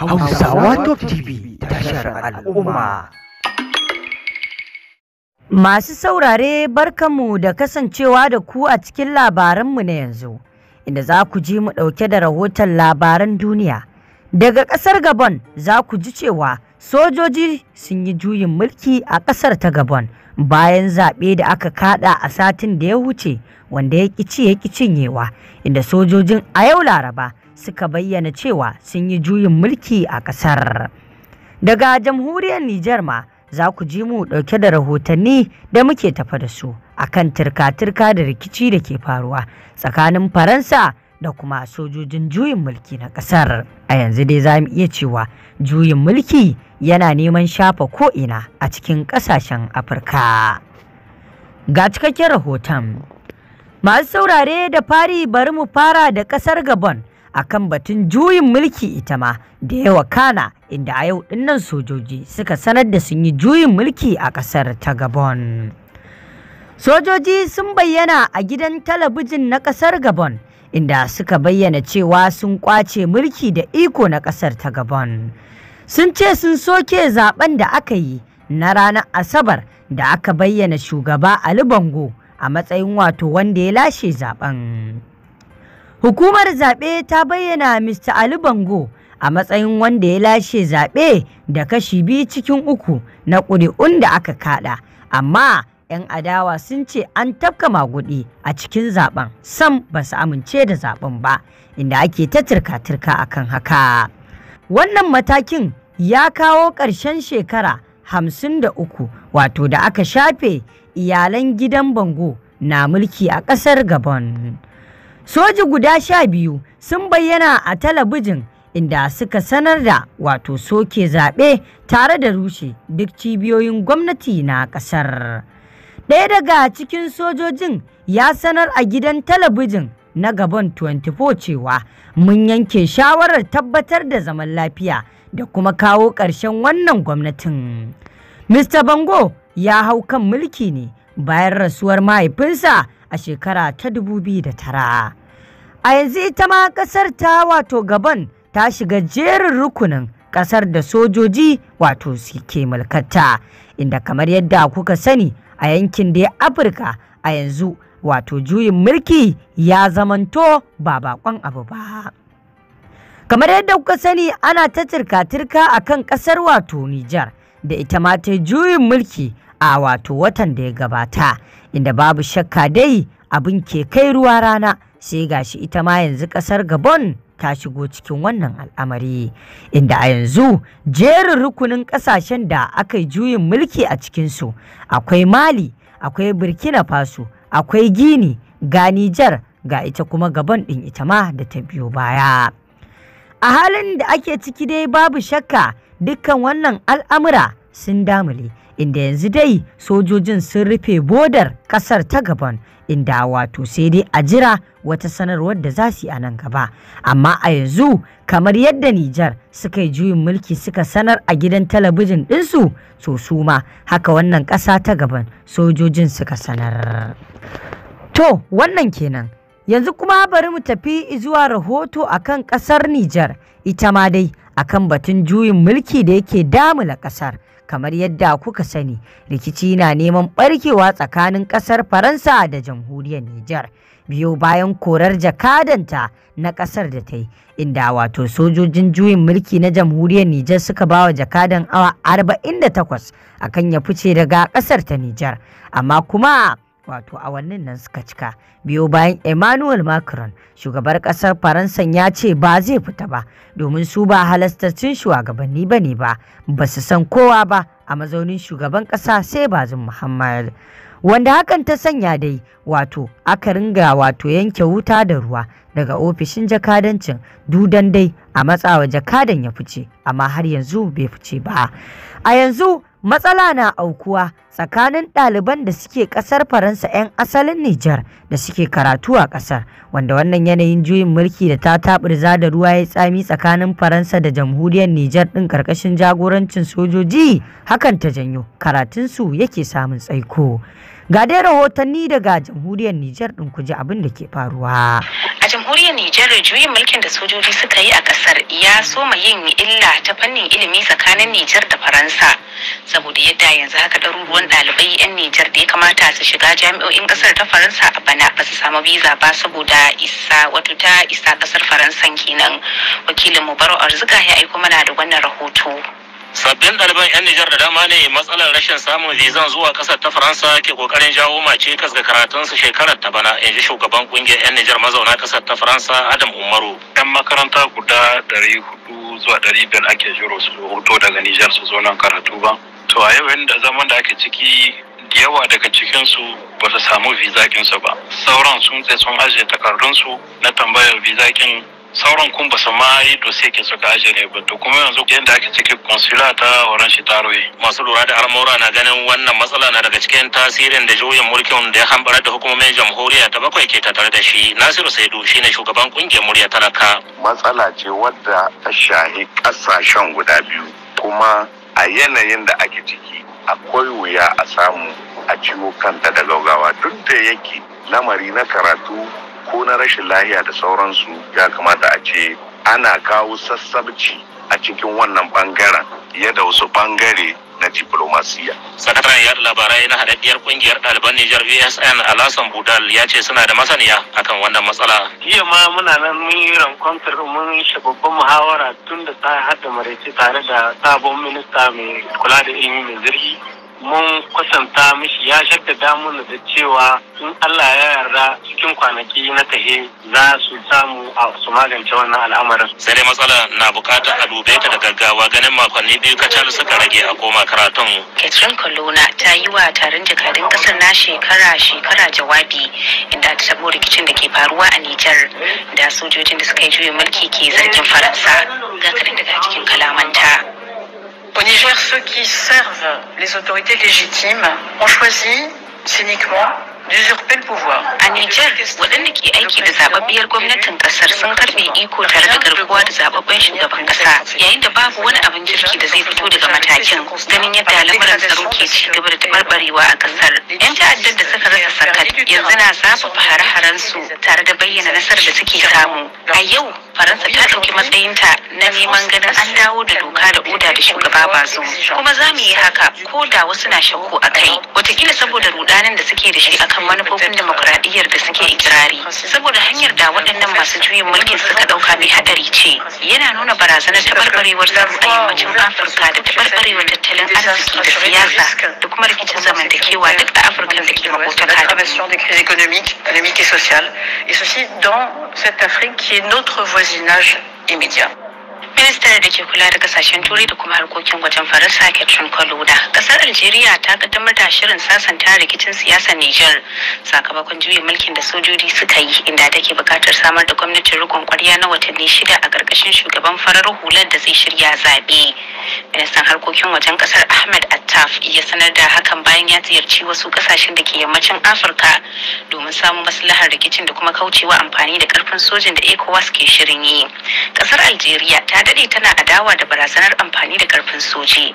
Hausawa Top TV tashar al'umma. Masu saurare barkanmu da kasancewa da ku a cikin labaranmu na yanzu, inda za ku ji mu ɗauke da rahoton labaran duniya. Daga ƙasar Gabon za ku ji cewa sojoji sun yi juyin mulki a ƙasar ta Gabon bayan zaɓe da aka kaɗa a satin da ya wuce wanda ya ci ya ƙi cinyewa, inda sojojin a yau Laraba. suka bayyana cewa sun yi juyin mulki a ƙasar. Daga jamhuriyar Nijar ma za ku ji mu ɗauke da rahotanni da muke tafa da su akan turka-turka da rikici da ke faruwa tsakanin Faransa da kuma sojojin juyin mulki na ƙasar. A yanzu dai za mu iya cewa juyin mulki yana neman shafa ko'ina a cikin ƙasashen Afirka. Ga cikakken rahoton. Masu saurare da fari bari mu fara da ƙasar Gabon akan batun juyin mulki ita ma da yawa kana inda a yau dinnan sojoji suka sanar da sun yi juyin mulki a kasar ta gabon sojoji sun bayyana a gidan talabijin na kasar gabon inda suka bayyana cewa sun kwace mulki da iko na kasar ta gabon sun ce sun soke zaben da aka yi na ranar asabar da aka bayyana shugaba ali bango a matsayin wato wanda ya lashe zaben Hukumar zaɓe ta bayyana Mr. Ali Bango a matsayin wanda ya lashe zaɓe da kashi biyu cikin uku na ƙuri'un da aka kaɗa, amma 'yan adawa sun ce an tafka maguɗi a cikin zaɓen sam ba su amince da zaɓen ba inda ake ta turka-turka kan haka. Wannan matakin ya kawo ƙarshen shekara hamsin da uku wato da aka shafe iyalan gidan bango na mulki a ƙasar Gabon. Soji guda sha biyu sun bayyana a talabijin inda suka sanar da wato soke zaɓe tare da rushe duk cibiyoyin gwamnati na ƙasar. Ɗaya daga cikin sojojin ya sanar a gidan talabijin na gaban 24 cewa mun yanke shawarar tabbatar da zaman lafiya da kuma kawo ƙarshen wannan gwamnatin. Mr. Bango ya hau kan mulki ne bayan rasuwar mahaifinsa a shekara ta 2009. A yanzu ita ma ƙasar ta wato gaban ta shiga jerin rukunin ƙasar da sojoji wato suke mulkata inda kamar yadda kuka sani a yankin da ya Afirka a yanzu wato juyin mulki ya zamanto ba bakon abu ba. Kamar yadda kuka sani ana ta turka-turka a kan ƙasar wato Nijar da ita ma ta juyin mulki a wato watan da ya gabata inda babu shakka dai abin ke kai ruwa rana sai gashi ita ma yanzu kasar gabon ta shigo cikin wannan al'amari inda a yanzu jerin rukunin kasashen da aka juyin mulki a cikinsu akwai mali akwai burkina faso akwai gini ga nijar ga ita kuma gaban ɗin ita ma da ta biyo baya a halin da ake ciki dai babu shakka dukkan wannan al'amura sun damule inda yanzu dai sojojin sun rufe bodar kasar ta gaban inda wato sai dai a jira wata sanarwar da za su yi a nan gaba amma a yanzu kamar yadda Nijar suka yi juyin mulki suka sanar a gidan talabijin ɗinsu so su ma haka wannan ƙasa ta gaban sojojin suka sanar to wannan kenan yanzu kuma bari mu tafi zuwa rahoto akan ƙasar Nijar ita ma dai akan batun juyin mulki da yake damula ƙasar kamar yadda kuka sani rikici na neman barkewa tsakanin kasar faransa da jamhuriyar nijar biyo bayan korar jakadanta na kasar da ta yi inda wato sojojin juyin mulki na jamhuriyar nijar suka ba wa jakadan awa 48 akan ya fice daga kasar ta nijar amma kuma wato a wannan nan suka cika biyo bayan emmanuel macron shugabar kasar faransan ya ce ba zai fita ba domin su ba halastattun shugabanni ba ne ba ba su san kowa ba a mazaunin shugaban kasa sai ba bazin muhammad wanda hakan ta sanya dai wato aka ringa wato yanke wuta da ruwa daga ofishin jakadancin dudan dai a matsawa jakadan ya fice amma har yanzu bai fice ba a yanzu matsala na aukuwa tsakanin ɗaliban da suke ƙasar faransa 'yan asalin nijar da suke karatu a ƙasar wanda wannan yanayin juyin mulki da ta taɓurza da ruwa ya tsami tsakanin faransa da jamhuriyar nijar ɗin ƙarƙashin jagorancin sojoji hakan ta janyo karatunsu yake samun tsaiko ga dai rahotanni daga jamhuriyar nijar ɗin ku ji abin da ke faruwa sirri juyin mulkin da sojoji suka yi a kasar ya soma yin illa ta fannin ilimi tsakanin Nijar da Faransa saboda yadda yanzu haka ɗaruruwan ɗalibai 'yan Nijar da ya kamata su shiga jami'o'in kasar ta Faransa a bana ba su samu biza ba saboda isa wato ta isa kasar Faransan kenan wakilin mu Baro Arzika ya aiko mana da wannan rahoto. sabbin ɗaliban 'yan nijar da dama ne matsalar rashin samun vizan zuwa ƙasar ta faransa ke ƙoƙarin jawo mace kas ga karatunsu shekarar ta bana in ji shugaban ƙungiyar 'yan nijar mazauna ƙasar ta faransa adam umaru 'yan makaranta guda ɗari hudu zuwa ɗari biyar ake jiro su hoto daga nijar su zo nan karatu ba to a yau da zaman da ake ciki da yawa daga cikinsu ba su samu vizakinsu ba sauran sun tsaye sun ajiye takardunsu na tambayar vizakin sauran kun ba su ma yi ke suka aje ne ba to kuma yanzu yadda ake cikin consular ta oranshi ta masu lura da al'amura na ganin wannan matsala na daga cikin tasirin da juyin mulkin da ya hambara da hukumomin jamhuriya ta bakwai ke tattare da shi nasiru saidu shine shugaban kungiyar murya talaka matsala ce wadda ta shahi kasashen guda biyu kuma a yanayin da ake ciki akwai wuya a samu a ciwo kanta da gaugawa duk da yake lamari na karatu ko na rashin lahiya da sauransu ya kamata a ce ana kawo sassabci a cikin wannan bangaren fiye da wasu bangare na diplomasiya. Sakataren yadda labarai na haɗaɗɗiyar ƙungiyar ɗaliban Nijar VSN Alasan Budal ya ce suna da masaniya akan wannan matsala. Jiya ma muna nan mun yi rankwantar mun yi babban muhawara tun da ta haɗa maraice tare da sabon minista mai kula da ilimi mai zirgi mun kwatanta mishi ya shaddada mana da cewa in Allah ya yarda cikin kwanaki na tahe za su samu a su magance wannan al'amarin. Sai dai matsala na bukatar a dube ta da gaggawa ganin makonni biyu kacal suka rage a koma karatun. Catherine Colonna ta yi wa taron jakadun kasar na shekara-shekara jawabi inda ta tabo rikicin da ke faruwa a Nijar da sojojin da suka yi juyin mulki ke zargin Faransa. Ga kaɗan daga cikin kalamanta. Au Niger, ceux qui servent les autorités légitimes ont choisi cyniquement A Nijar, waɗanda ke aiki da zababbiyar gwamnatin ƙasar sun karɓe iko tare da garkuwa da zababben shugaban ƙasa, yayin da babu wani abin kirki da zai fito daga matakin ganin yadda lamuran tsaro ke ci gaba da tabarbarewa a ƙasar. 'Yan ta'addar da suka rasa sakat yanzu na zafafa hare-haren su tare da bayyana nasarar da suke samu. A yau, Faransa ta ɗauki matsayinta na neman ganin an dawo da doka da oda da shugaba zo. Kuma za mu yi haka ko da wasu na shakku a kai. Wataƙila saboda ruɗa mutanen da suke da shi akan manufofin demokuraɗiyyar da suke ikirari saboda hanyar da waɗannan masu juyin mulkin suka ɗauka mai haɗari ce yana nuna barazanar taɓarɓarewar tsaro a yammacin afirka da taɓarɓarewar tattalin arziki da siyasa da kuma rikicin zamantakewa duk a afirka da ke makotaka da et ceci dans cette Afrique qui est notre voisinage immédiat. Hukumar da ke kula da kasashen turai da kuma harkokin wajen Faransa Catherine Koluna, kasar aljeriya ta kaddamar da shirin sasanta rikicin siyasar Niger sakamakon juyin mulkin da sojoji suka yi inda take buƙatar samar da gwamnatin rikon kwarya na watanni shida a ƙarƙashin shugaban farar hular da zai shirya zaɓe. Ministan harkokin wajen kasar Ahmed Attaf ya sanar da hakan bayan ya ziyarci wasu kasashen da ke yammacin Afirka domin samun maslahar rikicin da kuma kaucewa amfani da ƙarfin sojin da ECOWAS ke shirin yi. Kasar Aljeriya ta daɗe tana suna adawa da barazanar amfani da karfin soji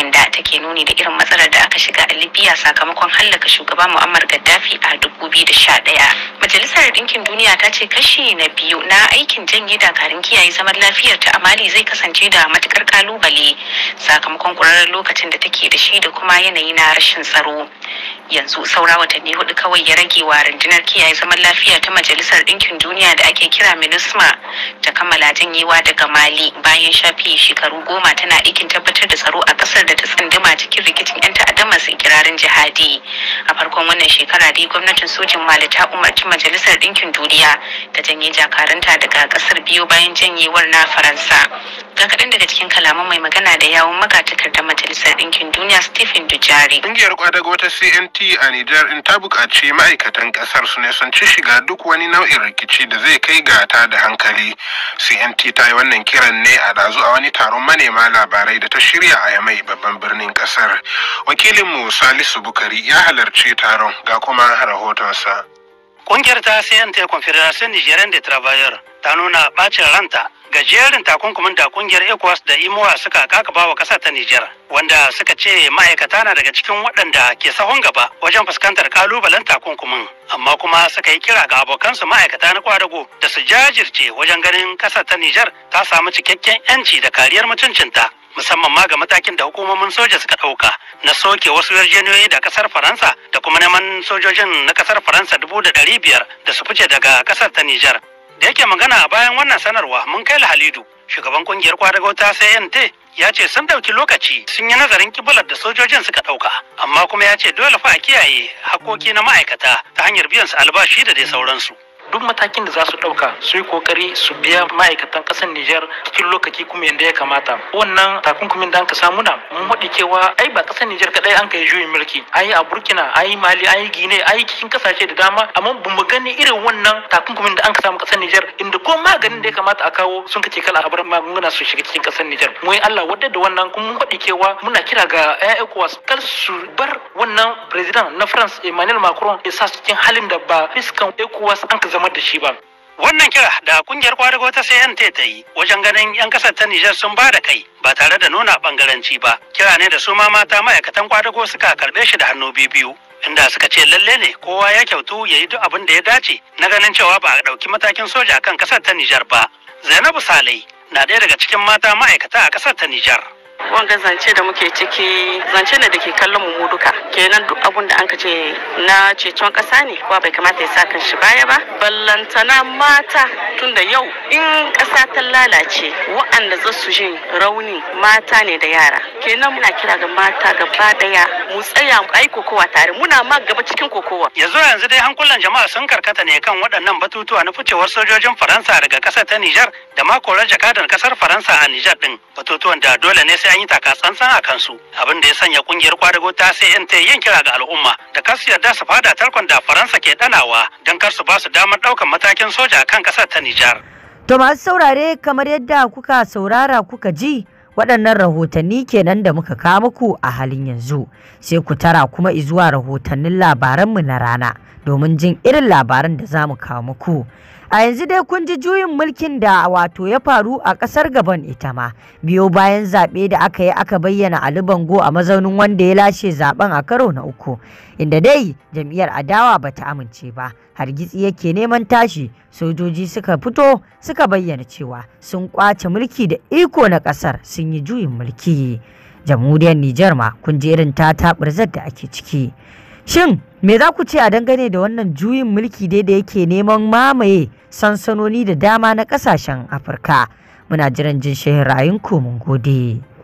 inda take nuni da irin matsalar da aka shiga a libya sakamakon hallaka shugaba muammar gaddafi a 2011 majalisar ɗinkin duniya ta ce kashi na biyu na aikin janye dakarun kiyaye zaman lafiyar ta amali zai kasance da matukar kalubale sakamakon kurarren lokacin da take da shi da kuma yanayi na rashin tsaro yanzu saura watanni hudu kawai ya rage wa rundunar kiyaye zaman lafiya ta majalisar ɗinkin duniya da ake kira minisma ta kammala janyewa daga mali bayan shafi shekaru goma tana aikin tabbatar da tsaro a ƙasar da ta tsunduma cikin rikicin 'yan ta'adda masu ikirarin jihadi a farkon wannan shekara dai gwamnatin sojin mali ta umarci majalisar ɗinkin duniya ta janye jakaranta daga ƙasar biyu bayan janyewar na faransa ga kaɗan daga cikin kalaman mai magana da yawun magatakardar majalisar ɗinkin duniya stephen dujari ƙungiyar kwadago ta cnt a nijar in ta buƙaci ma'aikatan ƙasar su ne sun ci shiga duk wani nau'in rikici da zai kai ga ta da hankali cnt ta yi wannan kiran ne a dazu a wani taron manema labarai da ta shirya a yamai babban birnin ƙasar wakilinmu salisu bukari ya halarci taron ga kuma rahotonsa Ƙungiyar ta CNT Confederation Nigerian de Travailleur ta nuna ɓacin ranta gajerin takunkumin da kungiyar ecowas da imowa suka kakaba wa kasa ta nijar wanda suka ce ma'aikata na daga cikin waɗanda ke sahun gaba wajen fuskantar kalubalen takunkumin amma kuma suka yi kira ga abokansu ma'aikata na kwadago da su jajirce wajen ganin kasa ta nijar ta samu cikakken yanci da kariyar mutuncinta musamman ma ga matakin da hukumomin soja suka ɗauka na soke wasu yarjejeniyoyi da kasar faransa da kuma neman sojojin na kasar faransa dubu da ɗari biyar da su fice daga kasar ta nijar da yake magana a bayan wannan sanarwa mun kai halidu shugaban kungiyar kwadago ta cnt ya ce sun dauki lokaci sun yi nazarin kibular da sojojin suka dauka amma kuma ya ce dole fa a kiyaye hakoki na ma'aikata ta hanyar biyan su albashi da dai sauransu duk matakin da za su ɗauka su yi kokari su biya ma'aikatan ƙasar Nijar cikin lokaci kuma yadda ya kamata wannan takunkumin da an ka samu na mun haɗi cewa ai ba ƙasar Nijar kaɗai an ka yi juyin mulki yi a Burkina yi Mali yi Gine yi cikin ƙasashe da dama amma ba mu gani irin wannan takunkumin da an ka samu ƙasar Nijar inda ko maganin da ya kamata a kawo sun kace kala a bar magunguna su shiga cikin ƙasar Nijar mu yi Allah wadda da wannan kuma mun haɗi cewa muna kira ga ƴan ECOWAS kar su bar wannan president na France Emmanuel Macron ya sa cikin halin da ba fiskan ECOWAS an ka zama da shi ba. Wannan kira da kungiyar kwadago ta CNT ta yi wajen ganin 'yan kasar ta Nijar sun ba da kai ba tare da nuna bangaranci ba. Kira ne da su ma mata ma'aikatan kwadago suka karɓe shi da hannu biyu. Inda suka ce lalle ne kowa ya kyautu ya yi duk abin da ya dace na ganin cewa ba a ɗauki matakin soja kan kasar ta Nijar ba. Zainabu Salai na ɗaya daga cikin mata ma'aikata a kasar ta Nijar. wanga zance da muke ciki zance ne da ke kallon mu duka kenan duk abun da anka ce na ceton kasa ne kowa bai kamata ya sa kan shi baya ba ballantana mata tun da yau in kasa ta lalace wa'anda za su jin rauni mata ne da yara kenan muna kira ga mata gaba daya mu tsaya mu ai kokowa tare muna ma gaba cikin kokowa yanzu yanzu dai hankulan jama'a sun karkata ne kan waɗannan batutuwa na ficewar sojojin Faransa daga ƙasar ta Nijar da ma korar jakadan ƙasar Faransa a Nijar din batutuwan da dole ne sai sai an yi taka tsantsan a kansu abin da ya sanya kungiyar kwadago ta CNT yin kira ga al'umma da kar su yarda su fada tarkon da Faransa ke danawa don kar su ba su damar daukan matakin soja a kan kasar ta Nijar. To masu saurare kamar yadda kuka saurara kuka ji waɗannan rahotanni kenan da muka kawo muku a halin yanzu sai ku tara kuma izuwa rahotannin labaranmu na rana domin jin irin labaran da za mu kawo muku A yanzu dai kun ji juyin mulkin da wato ya faru a ƙasar gaban ita ma. Biyo bayan zaɓe da aka yi aka bayyana Ali Bango a mazaunin wanda ya lashe zaɓen a karo na uku. Inda dai jam'iyyar adawa bata amince ba. Hargitsi yake neman tashi sojoji suka fito suka bayyana cewa sun ƙwace mulki da iko na ƙasar sun yi juyin mulki. Jamhuriyar Nijar ma kun ji irin ta da ake ciki. Shin me za ku ce a dangane da wannan juyin mulki dai da yake neman mamaye sansanoni da dama na kasashen Afirka. Muna jiran jin shahin ra'ayinku mun gode.